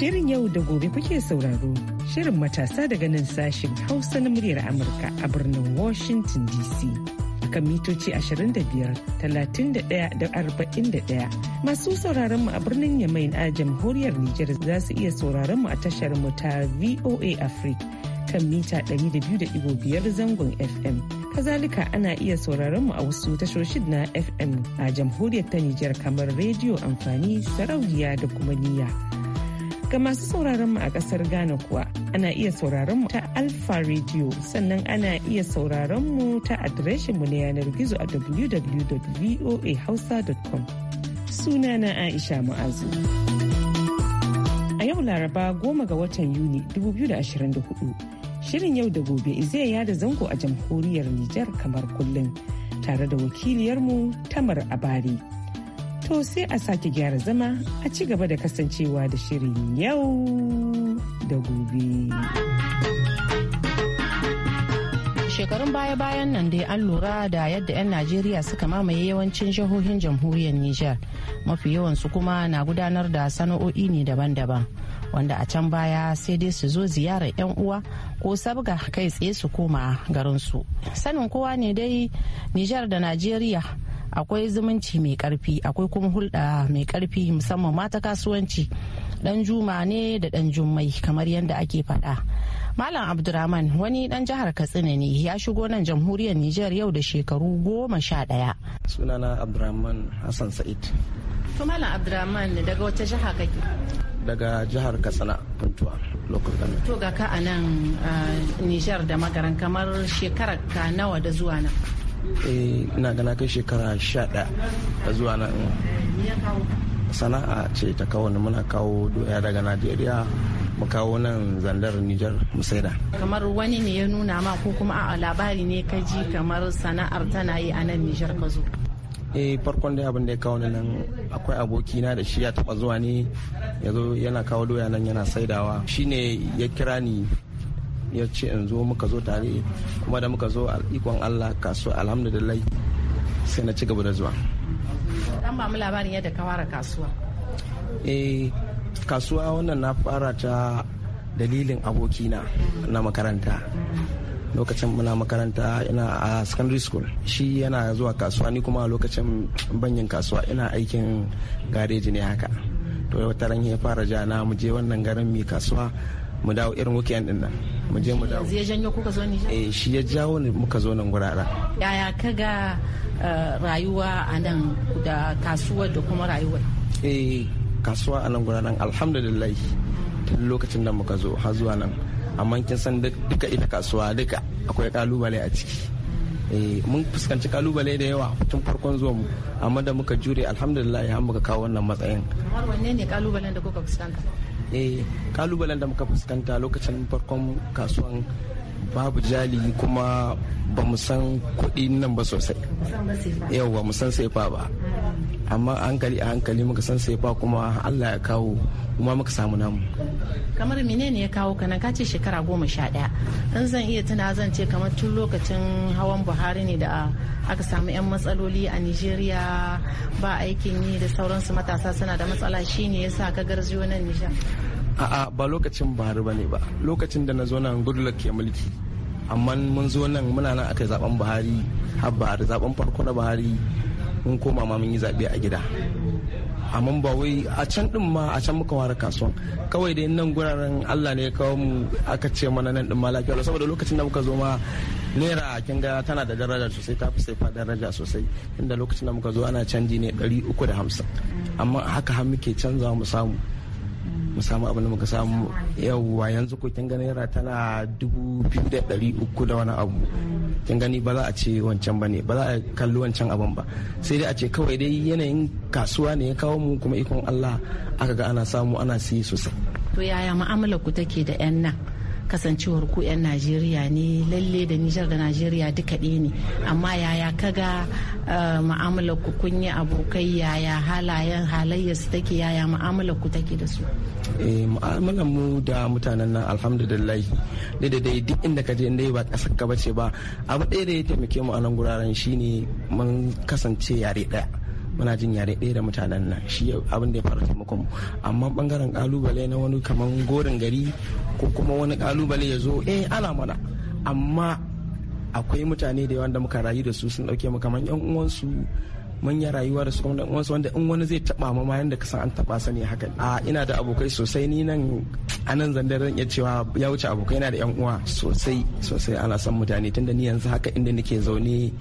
Shirin yau da gobe kuke sauraro. Shirin matasa daga nan sashen Hausa na muryar Amurka a birnin Washington DC. kan mitoci 25, 31 41. Masu sauraron mu a birnin Yamai a jamhuriyar Nijar za su iya sauraron mu a tashar mu ta VOA Africa kan mita 200.5 zangon FM. Kazalika ana iya sauraron mu a wasu tashoshin na FM a jamhuriyar ta Nijar kamar rediyo amfani sarauniya da kuma niyya. Ga masu sauraron mu a kasar Ghana kuwa ana iya sauraron mu ta Alpha Radio sannan ana iya sauraron mu ta adireshin mu na yanar gizo a www.voahausa.com. na Aisha Mu'azu. A yau Laraba goma ga watan Yuni 2024. Shirin yau da gobe zai yada zango a jamhuriyar Nijar kamar kullum tare da wakiliyarmu Tamar Abari. To sai a sake gyara zama a ci gaba da kasancewa da shirin yau da gobe. shekarun baya-bayan nan dai an lura da yadda 'yan najeriya suka mamaye yawancin jihohin jamhuriyar niger mafi yawansu kuma na gudanar da sana'o'i ne daban-daban wanda a can baya sai dai su zo ziyarar 'yan uwa ko sabga kai tsaye su koma garinsu sanin kowa ne dai niger da najeriya akwai zumunci mai karfi akwai kuma hulɗa mai karfi musamman mata kasuwanci dan juma ne da dan jummai kamar yadda ake faɗa malam abdurrahman wani dan jihar katsina ne ya shigo nan jamhuriyar nijar yau da shekaru goma sha ɗaya sunana abdurrahman hassan sa'id to malam abdurrahman daga wata jiha kake daga jihar katsina puntuwa local government to ga ka a nan ah, nijar da magaran kamar shekarar ka nawa da zuwa nan Eh, ina gana kai shekara sha da zuwa nan sana'a ce ta kawo muna kawo doya daga najeriya mu kawo nan zandar Nijar mu saida. Kamar wani ne ya nuna ma ko kuma a labari ne ka ji kamar sana'ar tana yi a nan Nijar ka zo. e farkon dai abin da ya kawo ni nan akwai aboki na da shi ya taba zuwa ne yazo yana kawo doya nan yana saidawa shine ya kira ni ya ce in zo muka zo tare kuma da muka zo ikon allah kasuwa alhamdulillah sai na ci gaba da zuwa dan ba mu labarin yadda ka fara kasuwa eh kasuwa wannan na fara ta dalilin abokina na makaranta lokacin muna makaranta ina a secondary school shi yana zuwa kasuwa ni kuma lokacin banyin kasuwa ina aikin gareji ne haka to wata ran ya fara jana na mu je wannan garin mai kasuwa mu dawo irin wuki yan dinnan mu je mu dawo ya janyo kuka zo Nijar eh shi ya jawo ne muka zo nan gurara yaya kaga eh, rayuwa a nan da kasuwar da kuma rayuwar eh kasuwa a nan gurara alhamdulillah tun lokacin da muka zo har zuwa nan amma kin san duka ita kasuwa duka akwai kalubale a ciki eh, mun fuskanci kalubale da yawa tun farkon zuwa mu amma da muka jure alhamdulillah ya muka kawo wannan matsayin kamar wanne ne kalubalen da kuka fuskanta eh kalubalen da muka fuskanta lokacin farkon kasuwan babu jali kuma ba san kuɗi nan ba sosai yau ba mu san fa ba amma a hankali a hankali muka san sai fa kuma allah ya kawo kuma muka samu namu kamar menene ya kawo kana ka ce shekara goma sha ɗaya in zan iya tuna zan ce kamar tun lokacin hawan buhari ne da aka samu 'yan matsaloli a nigeria ba aikin yi da sauransu matasa suna da matsala shine ya sa ka garziyo nan nijar a'a ba lokacin buhari ba ne ba lokacin da na zo nan goodluck ya mulki amma mun zo nan muna nan aka zaben buhari har buhari zaben farko na buhari mun koma ma mun yi zaɓe a gida amma ba wai a can din ma a can muka ware kasuwan kawai dai nan guraren Allah ne ya kawo mu aka ce mana nan din ma lafiya saboda lokacin da muka zo ma naira kin ga tana da daraja sosai ta fi sai fa daraja sosai inda lokacin da muka zo ana canji ne 350 amma haka har muke canza mu samu mu samu abin da muka samu yawwa yanzu ko kin gani naira tana dubu biyu da ɗari uku da wani abu kin gani ba za a ce wancan ba ne ba za a kalli wancan abin ba sai dai a ce kawai dai yanayin kasuwa ne ya kawo mu kuma ikon Allah aka ga ana samu ana siye sosai. To yaya mu'amala ku take da 'yan nan? kasancewar ku 'yan najeriya ne lalle da nijar da najeriya duka ɗaya ne amma yaya kaga eh, ma'amalar ku kun yi abokai yaya halayen halayyar su take yaya ma'amalar ku take da su eh, ma'amalar mu da mutanen nan alhamdulillah daidai duk inda ka je inda ba kasar ka bace ba abu ɗaya da ya taimake mu a nan guraren shine mun kasance yare ɗaya muna jin yare ɗaya da mutanen nan shi abin da ya fara taimakon amma bangaren kalubale na wani kaman gorin gari ko kuma wani kalubale ya zo eh ala mana amma akwai mutane da yawan da muka rayu da su sun dauke mu kamar yan uwansu manya rayuwa da su kuma uwansu wanda in wani zai taba ma yanda ka san an taba sa ne haka a ina da abokai sosai ni nan anan zan ya cewa ya wuce abokai na da yan uwa sosai sosai ana san mutane tunda ni yanzu haka inda nake zaune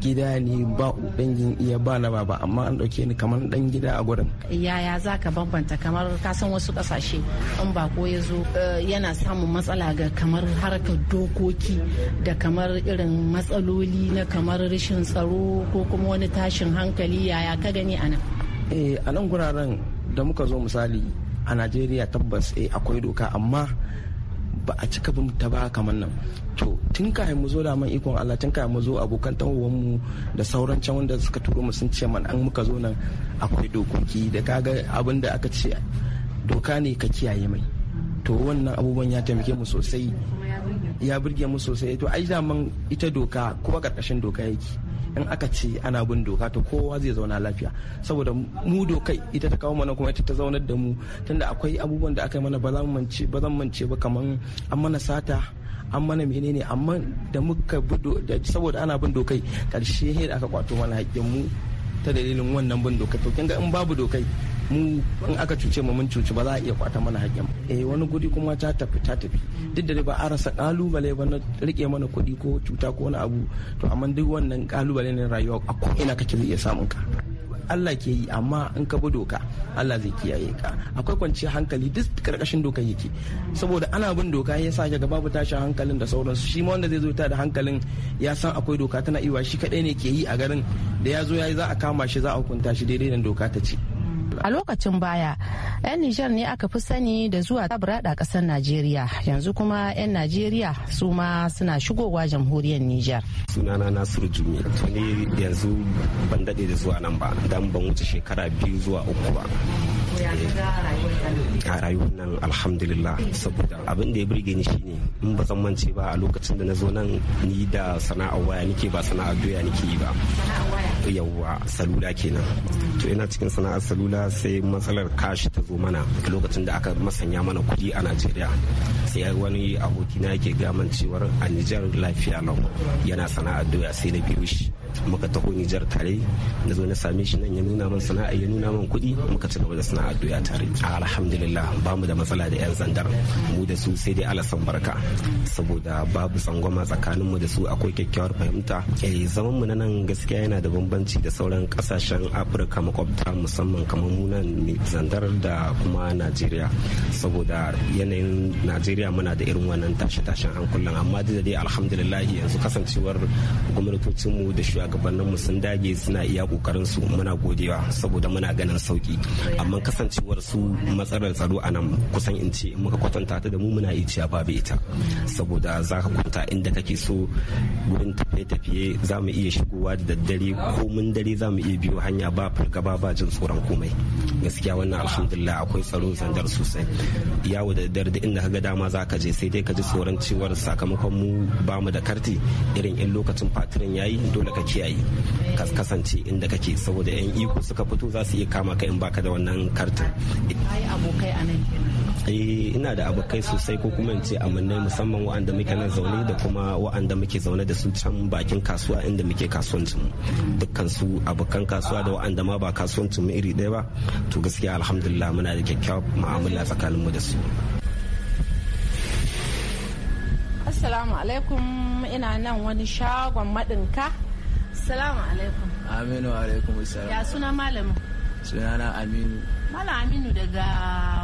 gida ne ba dangin iya ba na baba amma an dauke ni kamar dan gida a gurin yaya za ka bambanta kamar ka san wasu kasashe in ba ko ya zo eh, yana samun matsala ga kamar harkar dokoki da kamar irin matsaloli na kamar rashin tsaro ko kuma wani tashin hankali yaya ka gani a nan eh, a nan guraren da muka zo misali a najeriya tabbas eh akwai doka amma ba a cika bin ta ba kamar nan to tun kayan mu zo da man ikon Allah tun kayan mu zo abokan tawowan mu da sauran can wanda suka turo mu sun ce man an muka zo nan akwai dokoki da kaga abin da aka ce doka ne ka kiyaye mai to wannan abubuwan ya taimake mu sosai ya burge mu sosai to ai man ita doka kuma karkashin doka yake in aka ce ana bin doka to kowa zai zauna lafiya saboda mu dokai ita ta kawo mana kuma ita ta zaunar da mu tunda akwai abubuwan da aka yi mana ba zan mance ba kaman an mana sata an mana menene amma da muka bi saboda ana bin dokai karshe da aka kwato mana hakkin mu ta dalilin wannan bin doka to kinga in babu dokai mu in aka cuce mu mun cuci ba za a iya kwata mana haƙƙin eh wani gudi kuma ta tafi ta tafi duk da ba a rasa kalubale ba na rike mana kuɗi ko cuta ko wani abu to amma duk wannan kalubale ne rayuwa a ko ina kake zai iya samun ka Allah ke yi amma in ka bi doka Allah zai kiyaye ka akwai kwanci hankali duk karkashin doka yake saboda ana bin doka ya sa ga babu tashin hankalin da sauransu shi ma wanda zai zo ta da hankalin ya san akwai doka tana iwa shi kadai ne ke yi a garin da ya zo ya yi za a kama shi za a hukunta shi daidai da doka ta ce a lokacin baya 'yan nijar ne aka fi sani da zuwa tabrada kasar najeriya yanzu kuma 'yan najeriya su ma suna shigowa jamhuriyar nijar sunana nasiru jumi tuni yanzu ban dade da zuwa nan ba dan ban wuce shekara biyu zuwa uku ba eh, a rayuwar nan alhamdulillah saboda abin da ya burge ni shine in ba zan mance ba a lokacin da na zo nan ni da sana'ar waya nike ba sana'ar doya nike yi ba yawwa salula kenan to ina cikin sana'ar salula sai matsalar kashi ta zo mana lokacin da aka masanya mana kuɗi a najeriya sai wani abokina yake gamancewar a nijar lafiya lau yana sana'ar doya sai na biyu shi muka taho Nijar tare na zo na same shi nan ya nuna min sana'a ya nuna min kuɗi muka ci gaba da sana'a doya tare alhamdulillah ba mu da matsala da yan sandar mu da su sai dai alasan barka saboda babu tsangwama tsakanin mu da su akwai kyakkyawar fahimta eh zaman mu na nan gaskiya yana da bambanci da sauran kasashen Afirka makwabta musamman kamar mu nan zandar da kuma Najeriya saboda yanayin Najeriya muna da irin wannan tashe-tashen hankulan amma da dai alhamdulillah yanzu kasancewar gwamnatocinmu da shugabanninmu sun dage suna iya kokarin su muna godewa saboda muna ganin sauki amma kasancewar su matsalar tsaro a nan kusan in ce muka kwatanta ta da mu muna yi ciya babu ita saboda za ka kwanta inda kake so gurin tafiye-tafiye za mu iya shigowa da daddare ko mun dare za mu iya biyo hanya ba fargaba ba jin tsoron komai gaskiya wannan alhamdulillah akwai tsaro zandar sosai yawo da daddare duk inda ga dama za ka je sai dai ka ji tsoron cewar sakamakon mu ba mu da karti irin in lokacin fatirin yayi dole ka kiyaye ka kasance inda kake saboda yan iko suka fito za su iya kama ka in baka da wannan kartin eh, ina da abokai sosai ko kuma in ce amannai musamman wa'anda muke nan zaune da kuma wa'anda muke zaune da su can bakin kasuwa inda muke kasuwancin dukkan su abokan kasuwa da wa'anda ma ba kasuwancin mu iri ɗaya ba to gaskiya alhamdulillah muna da kyakkyawar mu'amala tsakanin mu da su assalamu alaikum ina nan wani shagon maɗinka Assalamu alaikum. Aminu alaikum assalam. Ya suna malamin? na Aminu. Malam Aminu daga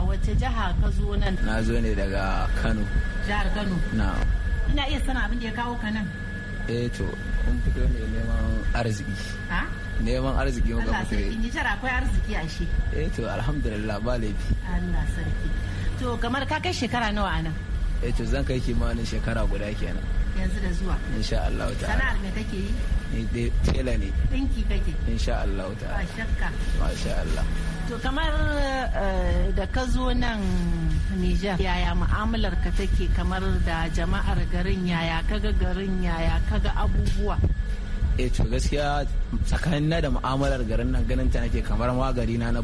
wace jiha ka zo nan? Na zo ne daga Kano. Jihar Kano? Na. Ina iya sana abin da ya kawo ka nan? Eh to, kun fito ne neman arziki. Ha? Neman arziki muka fito. Allah sarki, Nijar akwai arziki a shi. Eh to, alhamdulillah ba laifi. Allah sarki. To, kamar ka kai shekara nawa a nan? Eh to, zan kai kimanin shekara guda kenan. Yanzu da zuwa. Insha Allah ta'ala. Sana'ar me kake yi? ni tela ne ɗinki kake insha Allah ta ba shakka Allah to kamar eh, da ka zo nan Nijar yaya mu'amalar ka take kamar da jama'ar garin yaya kaga garin yaya kaga abubuwa eh to gaskiya tsakanin na da mu'amalar garin nan ganin ta nake kamar ma na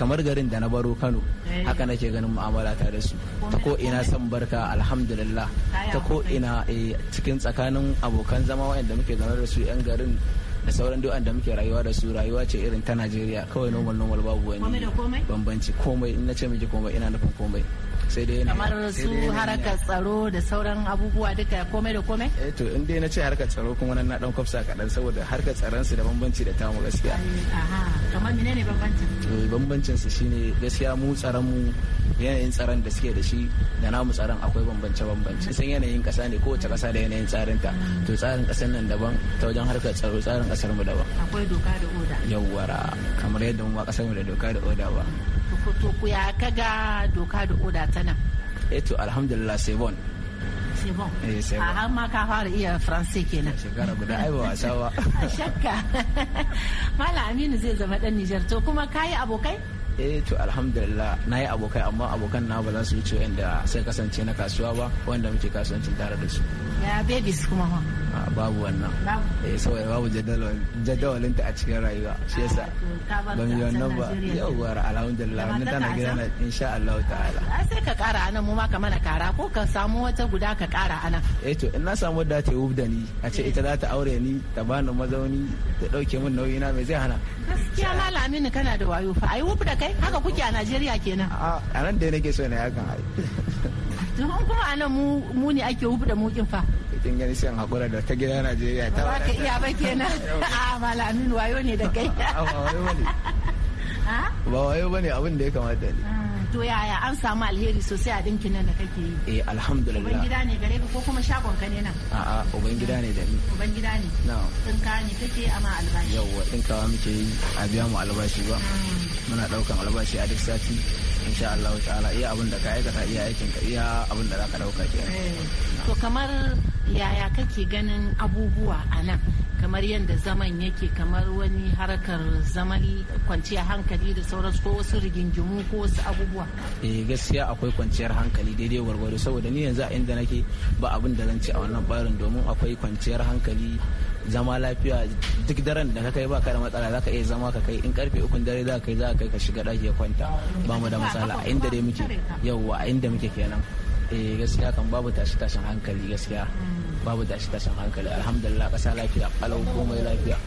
kamar garin da na baro Kano eh. haka nake ganin mu'amala ta da su ta ko ina san barka alhamdulillah ta ko ina eh, cikin tsakanin abokan zama wanda muke zama da su yan garin da sauran duk da muke rayuwa da su rayuwa ce irin ta Najeriya kawai normal normal babu wani bambanci komai in na ce miki komai ina nufin komai kamar su harkar tsaro da sauran abubuwa duka komai da komai eh to in dai na ce harkar tsaro kuma nan na dan kwafsa kaɗan saboda harkar tsaron su da bambanci da tamu gaskiya aha kamar menene bambancin to eh, bambancin su shine gaskiya mu tsaron mu yanayin tsaron da suke da shi da namu tsaron akwai bambance bambance san yanayin kasa ne kowace kasa da yanayin tsarin ta to tsarin kasar nan daban ta wajen harkar tsaro tsarin kasar mu daban akwai doka da oda yawwara kamar yadda mu ba kasar mu da doka da oda ba to ku ya kaga doka da oda ta nan eto eh alhamdulillah sai bon c'est bon. Eh, ma ka fara iya Faransa kenan. Shekara guda ai ba wasa ba. Shakka. Mala Aminu zai zama dan Nijar to kuma yi abokai? eh to alhamdulillah na yi abokai amma abokan na ba za su wuce inda sai kasance na kasuwa ba wanda muke kasuwancin tare da su. Ya babies kuma ma. babu wannan eh saboda babu jadawalinta ta a cikin rayuwa shi ah, yasa ba yi wannan ba yawwa alhamdulillah wannan tana gida na insha Allah ta'ala ah, sai ka kara anan mu ma ka mana kara ko ka samu wata guda ka kara anan eh to in na samu wadda ta yi ni a ce eh. ita za ta aure ni ta bani mazauni ta dauke min nauyi na me zai hana gaskiya malami ni kana da wayo fa ayi wub da kai haka kuke a Najeriya kenan a nan dai nake so ne hakan ai to kuma anan mu mu ne ake wub da mu kin fa kin gani sai hakura da ta gida Najeriya ta ba ka iya ba kenan a malamin wayo ne da kai ba wayo bane abin da ya kamata ne ah, to yaya an samu alheri sosai a dinkin nan da kake yi eh alhamdulillah ubangida ne gare ka ko kuma shagon ka ne nan a'a ubangida ne da ni ubangida ne na'am ka ne kake ama albashi yawa dinkawa muke yi a biya mu albashi ba ah. muna daukan albashi a duk sati insha Allah ta'ala iya abin da ka aikata iya aikin ka iya abin da zaka dauka ke eh, to kamar yaya kake ganin abubuwa a nan kamar yadda zaman yake kamar wani harkar zaman kwanciyar hankali da sauransu ko wasu rigingimu ko wasu abubuwa eh gaskiya akwai kwanciyar hankali daidai gwargwado saboda ni yanzu a inda nake ba abin da zan ci a wannan barin domin akwai kwanciyar hankali zama lafiya duk daren da ka kai baka da matsala zaka iya zama ka kai in karfe ukun dare za ka kai za ka kai ka shiga daki ya kwanta ba mu da matsala a inda dai muke yauwa a inda muke kenan eh gaskiya kan babu tashi tashin hankali gaskiya babu tashi tashin hankali alhamdulillah kasa lafiya alau komai lafiya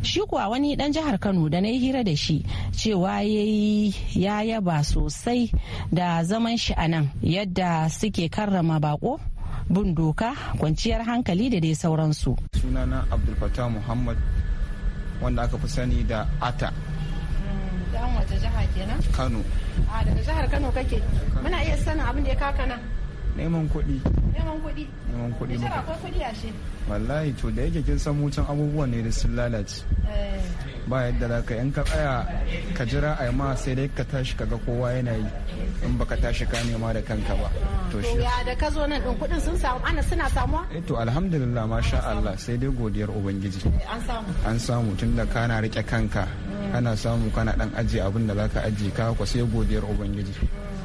Shi kuwa wani dan jihar Kano da na yi hira da shi cewa ya yi ya yaba sosai da zaman shi a nan yadda suke karrama bako bin doka kwanciyar hankali da dai sauransu sunana fatah muhammad wanda aka fi sani da ata mm, dan jiha kenan kano a daga jihar kano kake muna iya sanin abin da ya kaka nan neman kuɗi neman kuɗi neman kuɗi kuɗi wallahi to da yake kin san can abubuwan ne da sun lalace eh. ba yadda za ka yanka tsaya ka jira a ma sai dai ka tashi ka ga kowa yana yi in baka tashi ka nema da kanka ba to shi ya da ka zo nan din kudin sun samu ana suna samuwa eh to alhamdulillah masha Allah sai dai godiyar ubangiji eh, an samu an samu tunda kana rike kanka hmm. kana samu kana dan ajiye abin da zaka ajiye ka ko sai godiyar ubangiji hmm.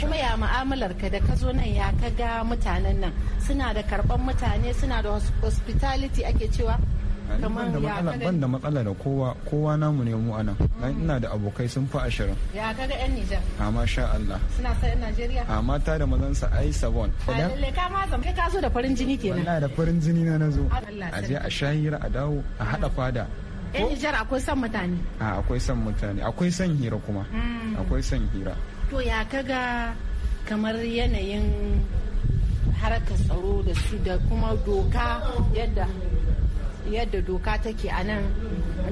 kuma ya mu'amalar ka da ka zo nan ya ka ga mutanen nan suna da karban mutane suna da hospitality ake cewa ban da matsala da kowa kowa namu ne mu anan dan mm. ina da abokai sun fi ashirin ya kaga yan Nijar amma masha Allah suna sai yan Najeriya a mata da mazan sa ai sabon lalle ka ma zan kai ka zo da farin jini kenan wallahi da farin jini na nazo a je a shahira a dawo a hada fada yan Nijar akwai son mutane a akwai son mutane akwai son hira kuma mm. akwai son hira to ya kaga kamar yanayin harkar tsaro da su da kuma doka yadda yadda doka take a nan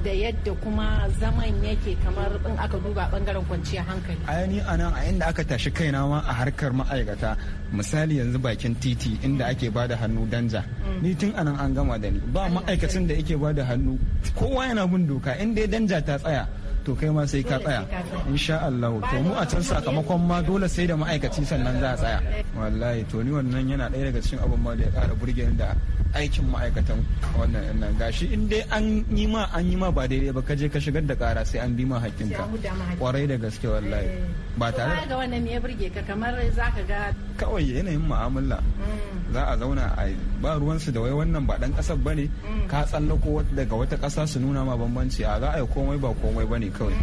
da yadda kuma zaman yake kamar in aka duba bangaren kwanciyar hankali a yani a nan a inda aka tashi kaina ma a harkar ma'aikata misali yanzu bakin titi inda ake bada hannu danja mm. ni tun anan an gama da ni ba ma'aikacin da yake bada hannu kowa yana bin doka inda ya danja ta tsaya to kai ma sai ka tsaya insha Allah to mu a can sakamakon ma dole sai da ma'aikaci sannan za a tsaya wallahi to ni wannan yana ɗaya daga cikin abin ma da ya kara burge da aikin ma'aikatan wannan nan gashi in dai an yi ma an yi ma ba daidai ba kaje ka shigar da kara sai an bi ma hakkinka kwarai da gaske wallahi ba eh. tare da wannan ya burge ka kamar zaka ga kawai yanayin mu'amala mm. za a zauna a ba ruwansu da wai wannan ba dan kasar bane mm. ka tsallako daga wata kasa su nuna ma bambanci a za a yi komai ba komai bane kawai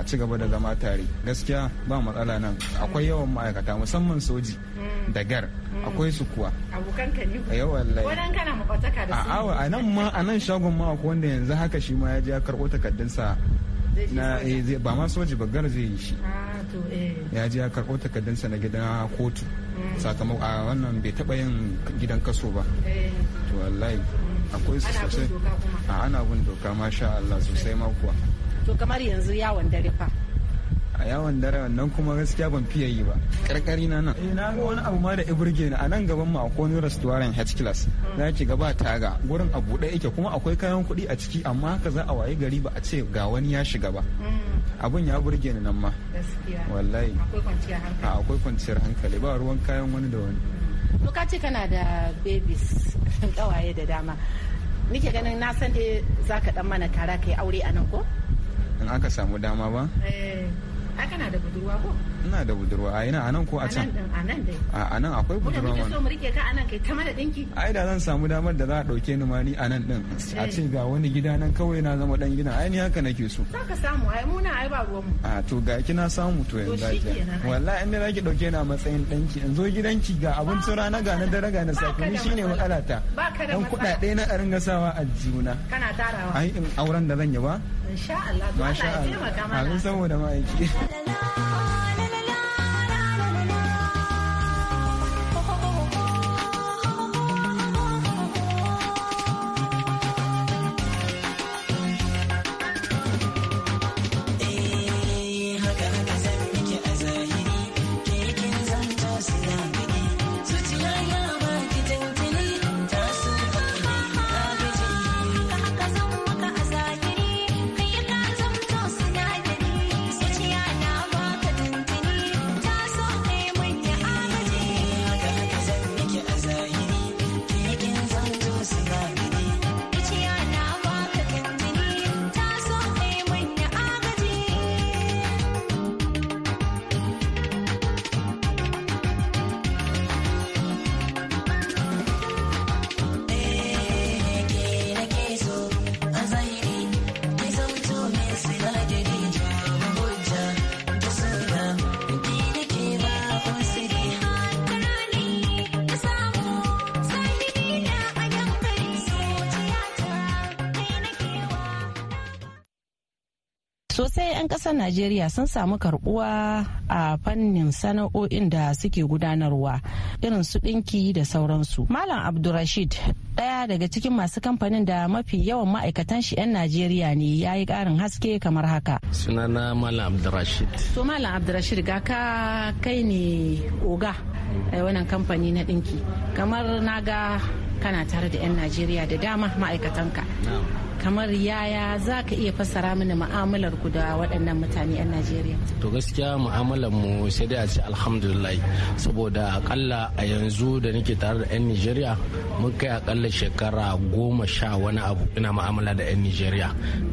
a ci gaba da zama tare gaskiya ba matsala nan akwai yawan ma'aikata musamman soji mm. da gar mm. akwai su kuwa abokan kani yawa wallahi kana makwataka da su a nan ma a nan shagon ma akwai wanda yanzu haka shi ma ya je ya karbo takardunsa na eh, ba ma soji ba gar zai yi shi ah, eh. ya je ya karbo takardunsa na gidan kotu sakamakon a wannan bai taba yin gidan kaso ba to wallahi akwai su sosai a ana bin doka masha Allah sosai ma kuwa to kamar yanzu yawon dare fa a yawon dare wannan kuma gaskiya ban fiye yi ba karkari na nan eh, na ga wani abu ma da iburge ni a nan gaban ma akwai wani restaurant head class za ki ga ba taga gurin a buɗe yake kuma akwai kayan kuɗi a ciki amma haka za a waye gari ba a ce ga wani ya shiga ba abun ya burge ni nan ma wallahi akwai kwanciyar hankali ba ruwan kayan wani da wani ka ce kana da babies kawaye da dama nike ganin na san dai za ka dan mana tara ka aure a nan ko in aka samu dama ba eh kana da budurwa ko ina da budurwa a ina anan ko a can a nan akwai budurwa mana so mu rike ka anan kai ta mana dinki ai da zan samu damar da za a dauke ni ma ni anan din a eh. ce ga wani gida nan kawai na zama dan gida ai ni haka nake so za ka samu ai mu na ai ba ruwan mu a to ga kina samu to yanzu zaki wallahi in da ki dauke ni a matsayin danki in zo gidanki ga abincin rana ga na dare ga na safe ni shine matsalata dan kudade na a ringa sawa a juna kana tarawa ai in auren da zan yi ba insha Allah masha Allah saboda ma'aiki sosai 'yan kasar najeriya sun samu karbuwa a fannin sana'o'in da suke gudanarwa irin su ɗinki da sauransu malam abdulrashid ɗaya daga cikin masu kamfanin da mafi yawan ma'aikatan shi 'yan najeriya ne ya yi ƙarin haske kamar haka sunana malam abdulrashid so malam abdulrashid ga ka kai ne oga eh, wannan kamfani na ɗinki kamar naga kana tare da 'yan najeriya da dama ma'aikatanka kamar yaya za ka iya fassara mini mu'amalar ku da waɗannan mutane 'yan najeriya to gaskiya mu'amalar mu sai dai a ce alhamdulillah saboda akalla a yanzu da nake tare da 'yan najeriya mun kai akalla shekara goma sha wani abu ina mu'amala da 'yan najeriya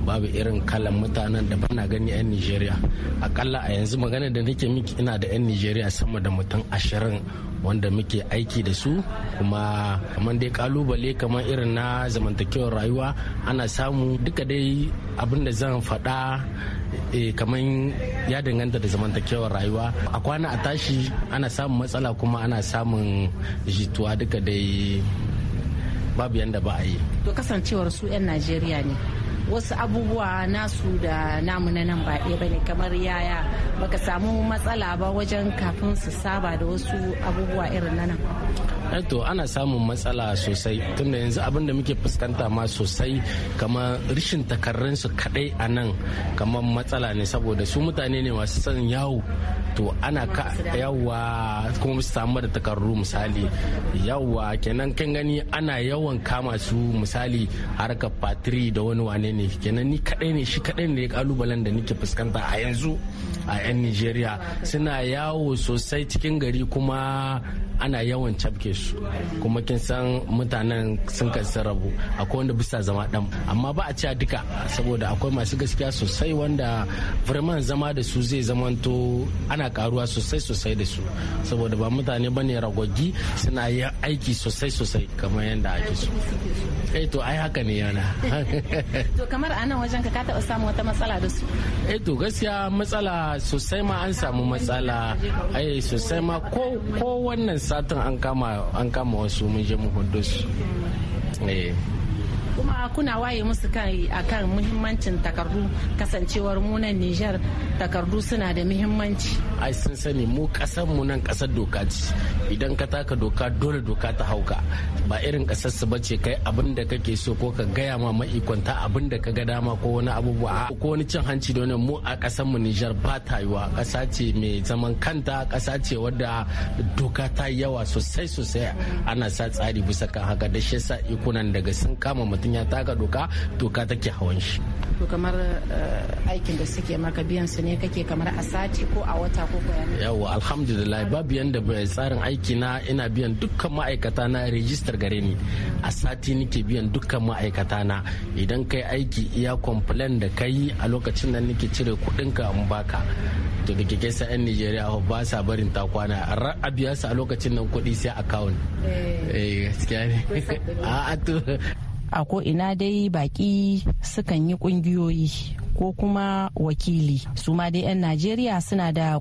babu irin kalan mutanen da bana gani 'yan najeriya akalla a yanzu magana da nake miki ina da 'yan najeriya sama da mutum ashirin wanda muke aiki da su kuma kamar dai kalubale kamar irin na zamantakewar rayuwa ana samu duka dai abin da zan faɗa eh, kamar ya danganta da zamantakewar rayuwa a kwana a tashi ana samun matsala kuma ana samun jituwa duka dai babu yadda ba a yi to kasancewar su 'yan najeriya ne wasu abubuwa nasu da namu na nan ba ɗaya bane kamar yaya baka samu matsala ba wajen kafin su saba da wasu abubuwa irin na nan Eh to ana samun matsala sosai tunda yanzu abin da muke fuskanta ma sosai kamar rishin takarrun kadai a nan kamar matsala ne saboda su mutane ne masu son yawo to ana ka yawa kuma su samu da takarru misali yawa kenan kan gani ana yawan kama su misali harkar patri da wani wane ne kenan ni kadai ne shi kadai ne kalubalen da nake fuskanta a yanzu a 'yan nigeria suna yawo sosai cikin gari kuma ana yawan cafke su kuma kin san mutanen sun kan rabu akwai wanda bisa zama dan amma ba a cewa duka saboda akwai masu gaskiya sosai wanda vraiment zama da su zai zama to ana karuwa sosai sosai da su saboda ba mutane ba ne ragwaggi suna yin aiki sosai sosai kamar yadda ake so eh to ai haka ne yana to kamar a nan wajen ka ka taɓa samu wata matsala da su eh to gaskiya matsala sosai ma an samu matsala ai sosai ma ko ko wannan satin an kama wasu mun je mu hudu su mm. eh. kuma kuna waye musu kai akan muhimmancin takardu kasancewar mu nan Nijar takardu suna da muhimmanci ai sun sani mu kasar mu nan kasar doka ce idan ka taka doka dole doka ta hauka ba irin kasar su bace kai abin da kake so ko ka gaya ma maikonta abin da ka ga dama ko wani abubuwa ko wani cin hanci da mu a kasar mu Nijar ba ta yiwa kasa ce mai zaman kanta kasa ce wadda doka ta yawa sosai sosai ana sa tsari bisa kan haka da shi yasa ikunan daga sun kama mutum mutum ya taka doka doka take hawan shi to kamar eh, aikin da suke maka biyan su ne kake kamar a sati ko a wata ko ko yawa alhamdulillah babu yanda tsarin aiki na ina biyan dukkan ma'aikata na register gare ni a sati nake biyan dukkan ma'aikata na idan kai aiki iya complain da kai a lokacin nan nake cire ka in baka to da ke kesa 'yan nigeria ba sa barin ta kwana a biya su a lokacin nan kuɗi sai account eh. eh gaskiya ne a a ko ina dai baki sukan yi kungiyoyi ko kuma wakili su ma dai 'yan najeriya suna da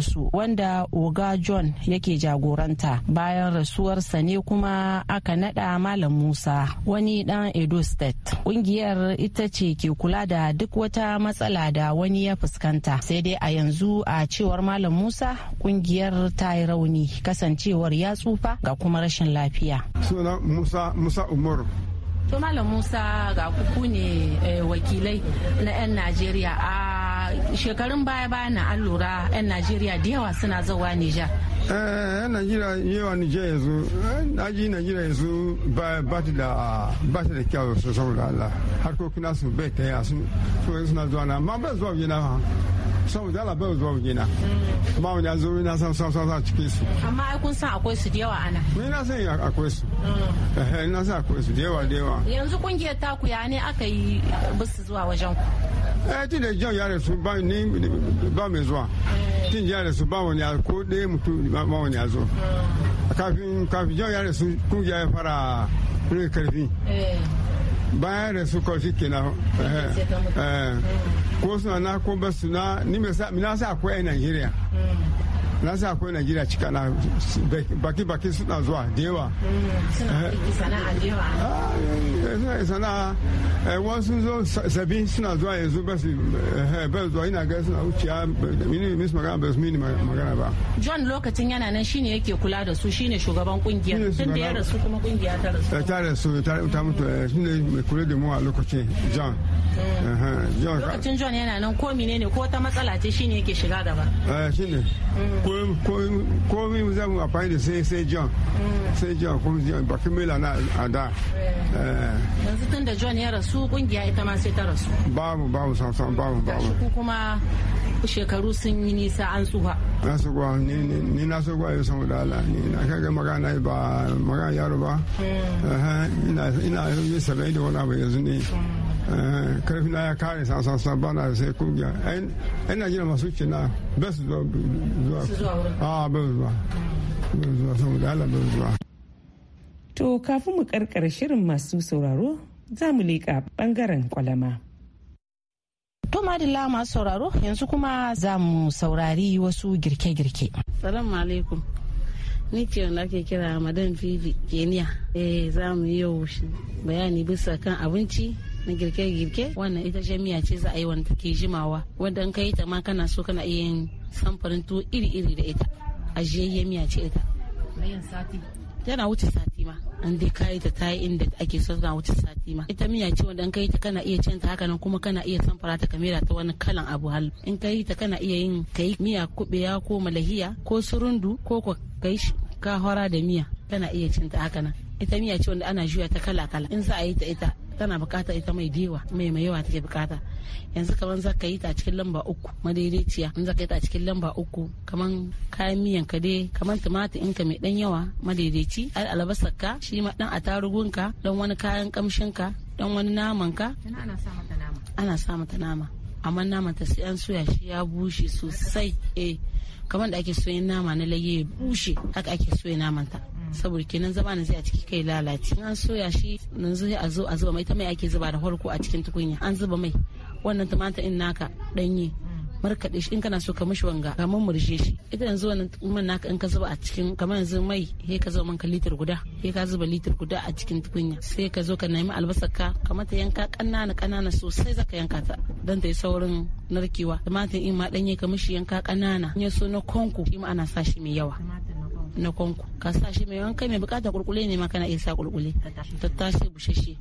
su wanda oga john yake jagoranta bayan rasuwarsa ne kuma aka nada malam musa wani dan edo state kungiyar ita ce ke kula da duk wata matsala da wani ya fuskanta sai dai a yanzu a cewar malam musa kungiyar ta yi rauni kasancewar ya tsufa ga kuma rashin lafiya sunan musa umar to malam musa ga kuku ne eh, wakilai na 'yan najeriya a shekarun baya baya na an lura 'yan najeriya da yawa suna zuwa nija yan eh, najeriya yawa nijar yanzu eh, naji najeriya yanzu ba ta da ba ta da kyau su saboda allah harkokin nasu bai ta yi su suna zuwa na ma ba zuwa yana saboda Allah bai zuwa gina ma wani zo na san san san cikin su amma ai kun san akwai su da yawa ana ni na san akwai su mm. eh na san akwai su da yawa da yawa yanzu kungiyar taku ya ne aka yi bisu zuwa wajen ku eh tun da jan yare su ba ni ba mai zuwa tun yare su ba wani ko ɗaya mutum ba wani ya zo kafin kafin jan yare su kungiya ya fara rage karfi bayan da su kawai shi kenan eh, eh. ko suna na ko ba suna ni mai sa akwai a nigeria na sa akwai najeriya cika na baki baki suna zuwa da yawa sana'a ah, eh, eh, wasu zo sabi suna zuwa yanzu ba su eh, zuwa ina ga suna wuciya mini mis magana ba su mini magana ba john lokacin yana nan shine yake kula da su shine shugaban kungiya tun da ya rasu kuma kungiya ta rasu ta rasu ta mutu shine mai kula da mu a lokacin john lokacin john yana nan ko mine ne ko ta matsala ce shine yake shiga gaba ah, shine ko mi za mu amfani da sai sai john sai john kuma john bakin mela na a da eh. yanzu tun da john ya rasu kungiya ita ma sai ta rasu babu babu sansan babu babu ku kuma shekaru sun yi nisa an tsuha na tsuha ni na tsuha yau san da ala ni na kaga magana ba magana yaro ba hmm. ina ina yi sabai da wani abu yanzu ne hmm. Eh, karfina ya kare sasasa ba na sai kungiya yan jina masu ce na best zuwa zuwa ah, bas zuwa bas zuwa saboda ala bas zuwa to kafin mu karkar shirin masu sauraro za mu leƙa bangaren kwalama To madalla masu sauraro yanzu kuma za mu saurari wasu girke-girke. Salamu alaikum. Ni ce wanda ake kira Madam Vivi Kenya. Eh za mu yi bayani bisa kan abinci na girke-girke wannan ita ce miya ce za a yi wanda ke jimawa wanda in ka yi ta ma kana so kana iya yin samfarin tuwo iri-iri da ita ajiyayyen miya ce ita. Bayan sati. Tana wuce sati ma. An dai kayi ta tayi inda ake so tana wuce sati ma. Ita miya ce wanda in kai ta kana iya cin ta haka nan kuma kana iya samfara ta kamera ta wani kalan abu hal. In kai ta kana iya yin kai miya ya ko malahiya ko surundu ko ko kai ka hora da miya. Kana iya cin ta haka nan. Ita miya ce wanda ana juya ta kala kala. In za a yi ta ita tana bukata ita mai dewa mai mai yawa take bukata yanzu kaman za ka yi ta cikin lamba uku madaidaiciya in za ka yi ta cikin lamba uku kaman kayan miyan ka dai kaman tumatir in ka mai dan yawa madaidaici al albasar ka shi ma dan atarugun ka dan wani kayan kamshin ka dan wani naman ka ana sa mata nama amma naman ta sai an soya shi ya bushe sosai eh kamar da ake soyin nama na laye ya bushe haka ake soyin naman ta saboda kenan zama na zai a ciki kai lalace an soya shi nan zai a zo a zuba mai ta mai ake zuba da farko a cikin tukunya an zuba mai wannan tumatir in naka danye markaɗe shi in kana so ka mishi wanga ka murje shi ita yanzu wannan man naka in ka zuba a cikin kamar yanzu mai he ka zuba manka litir guda he ka zuba litir guda a cikin tukunya sai ka zo ka nemi albasar ka kamar ta yanka ƙanana ƙanana sosai zaka yanka ta dan ta yi saurin narkewa tumatir in ma danye ka mishi yanka ƙanana in ya so na konko shi ma ana sa shi mai yawa na konko ka sa shi mai wanka mai bukatar kulkule ne ma kana iya sa kulkule tashi bushashe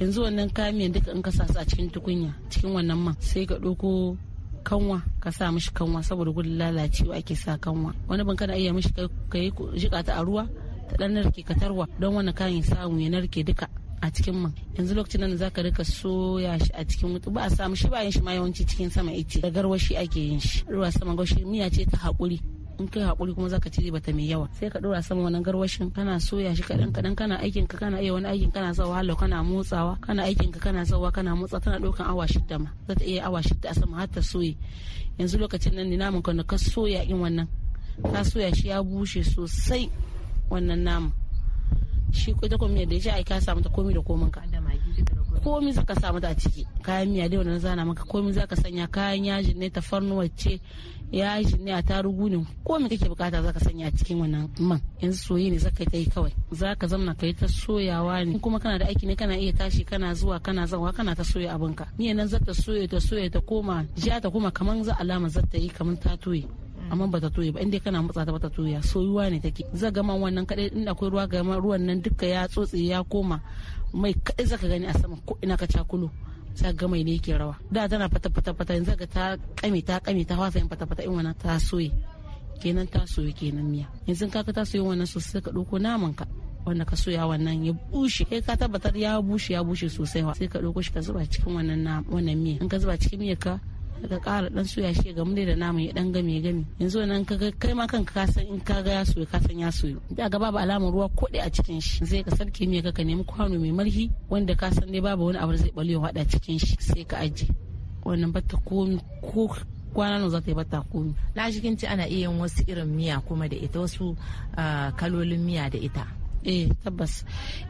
yanzu wannan kamiyan duka in ka sa su a cikin tukunya cikin wannan man sai ka ɗauko kanwa ka sa mishi kanwa saboda gudun lalacewa ake sa kanwa wani ban kana iya mishi ka yi jika ta a ruwa ta dan narke ka tarwa don wani kayan samu ya narke duka a cikin man yanzu lokacin nan zaka rika soya shi a cikin wuta ba a samu shi ba yin shi ma yawanci cikin sama ice da garwashi ake yin shi ruwa sama gaushe miya ce ta haƙuri in kai hakuri kuma zaka cire bata mai yawa sai ka dora saman wannan garwashin kana soya shi kadan kadan kana aikin ka kana iya wani aikin kana sa wahala kana motsawa kana aikin ka kana sawa kana motsa tana daukan awa shida ma zata iya awa shida a sama har ta soye yanzu lokacin nan ne namun ka ka soya in wannan ka soya shi ya bushe sosai wannan namun shi ita kuma da ya ji ai ka samu ta komi da komin ka komi zaka sa mata a ciki kayan miya dai wannan zana maka komi zaka sanya kayan yajin ne ta ce yajin ne a tarugu ne komi kake bukata zaka sanya a cikin wannan man yanzu soyi ne zaka yi kawai zaka zamna kai ta soyawa ne kuma kana da aiki ne kana iya tashi kana zuwa kana zawa kana ta soya abinka ni nan zata soya ta soya ta koma ja ta koma kaman za alama zata yi kaman ta toye amma ba ta toye ba inda kana matsa ta ba ta toya soyuwa ne take zai gama wannan kadai in akwai ruwa ga ruwan nan duka ya tsotse ya koma mai kadai zaka gani a sama ko ina ka cakulo sa ga mai ne yake rawa da tana fata fata fata yanzu ga ta kame ta kame ta fasa yin fata fata in wannan ta soye kenan ta soye kenan miya yanzu ka ka ta soye wannan sosai ka dauko naman ka wanda ka soya wannan ya bushe kai ka tabbatar ya bushe ya bushe sosai sai ka dauko shi ka zuba cikin wannan wannan miya in ka zuba cikin miya ka ka kara dan suya shi gamu da naman ya dan game game yanzu nan ka kai ma kanka ka san in ka ga ya soyu ka san ya soyu da ga babu alamar ruwa ko a cikin shi sai ka sarki me ka nemi kwano mai marhi wanda ka san dai babu wani abu zai bale ya hada cikin shi sai ka aje wannan batta komi ko kwana nan za ta yi bata komi na cikin ci ana iya yin wasu irin miya kuma da ita wasu ah, kalolin miya da ita eh tabbas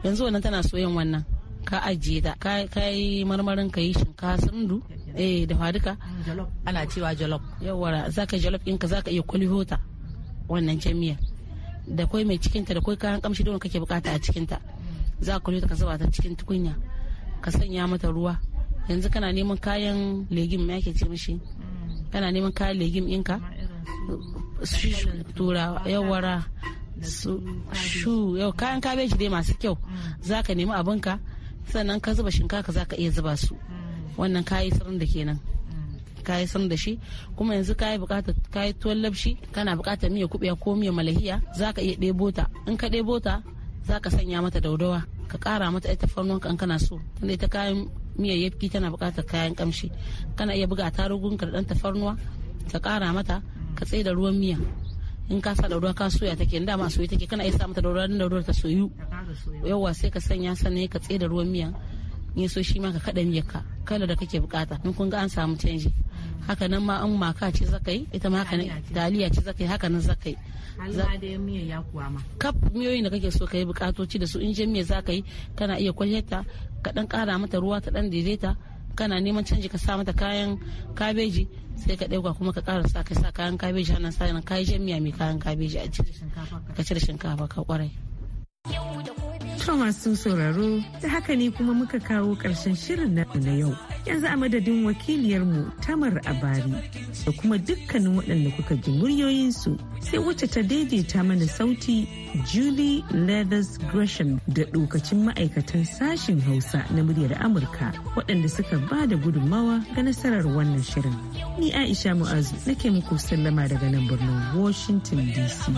yanzu wannan tana soyan wannan ka ajiye ta ka yi marmarin ka yi shinkafa sundu eh dafa duka ana cewa jalof yawwa zaka jalof za zaka iya kwalihota wannan jami'a da kai mai cikinta da kwai kayan kamshi don kake bukata a cikinta za ka ta ka zuba ta cikin tukunya ka sanya mata ruwa yanzu kana neman kayan legim me yake ce mishi mm. kana neman kayan legim ɗinka turawa yawara su yau kayan kabeji dai masu kyau mm. za ka nemi abinka sannan ka zuba shinkafa za ka iya zuba su mm. wannan kayi sirrin da kenan mm. kayi sirrin da shi kuma yanzu kayi bukatar kayi tuwon labshi kana bukatar miya kubiya ko miya malahiya za ka iya ɗebo ta in ka ɗebo ta za ka sanya mata daudawa ka kara mata ita farnon kan kana so tunda ita kayan miya yafki tana bukatar kayan kamshi kana iya buga tarugun ka ɗan tafarnuwa ka kara mata ka tsaye da ruwan miya in ka sa ɗaura ka soya take da ma soyi take kana iya sa mata ɗaura da ɗaura ta soyu yawwa sai ka sanya sannan ka tsaye da ruwan miya in so shi ma ka kaɗa miyar ka kala da kake bukata in kun ga an samu canji haka nan ma an maka ce yi ita ma haka daliya ce yi haka nan zakai kaf miyoyin da kake so ka yi bukatoci da su in je miya zaka yi kana iya kwaljeta ka dan kara mata ruwa ta dan daidaita kana neman canji ka sa mata kayan kabeji sai ka ɗauka kuma ka ƙara sa ka sa kayan kabeji hannun sa nan yi jan miya mai kayan kabeji a shinkafa ka cire shinkafa ka ƙwarai. To masu sauraro ta haka ne kuma muka kawo ƙarshen shirin na yau. yanzu a madadin wakiliyarmu tamar abari da kuma dukkanin waɗanda kuka ji muryoyinsu sai wacce ta daidaita mana sauti julie leathers gresham da ɗokacin ma'aikatan sashen hausa na muryar amurka waɗanda suka ba da gudunmawa ga nasarar wannan shirin ni aisha mu'azu nake muku sallama daga nan birnin washington dc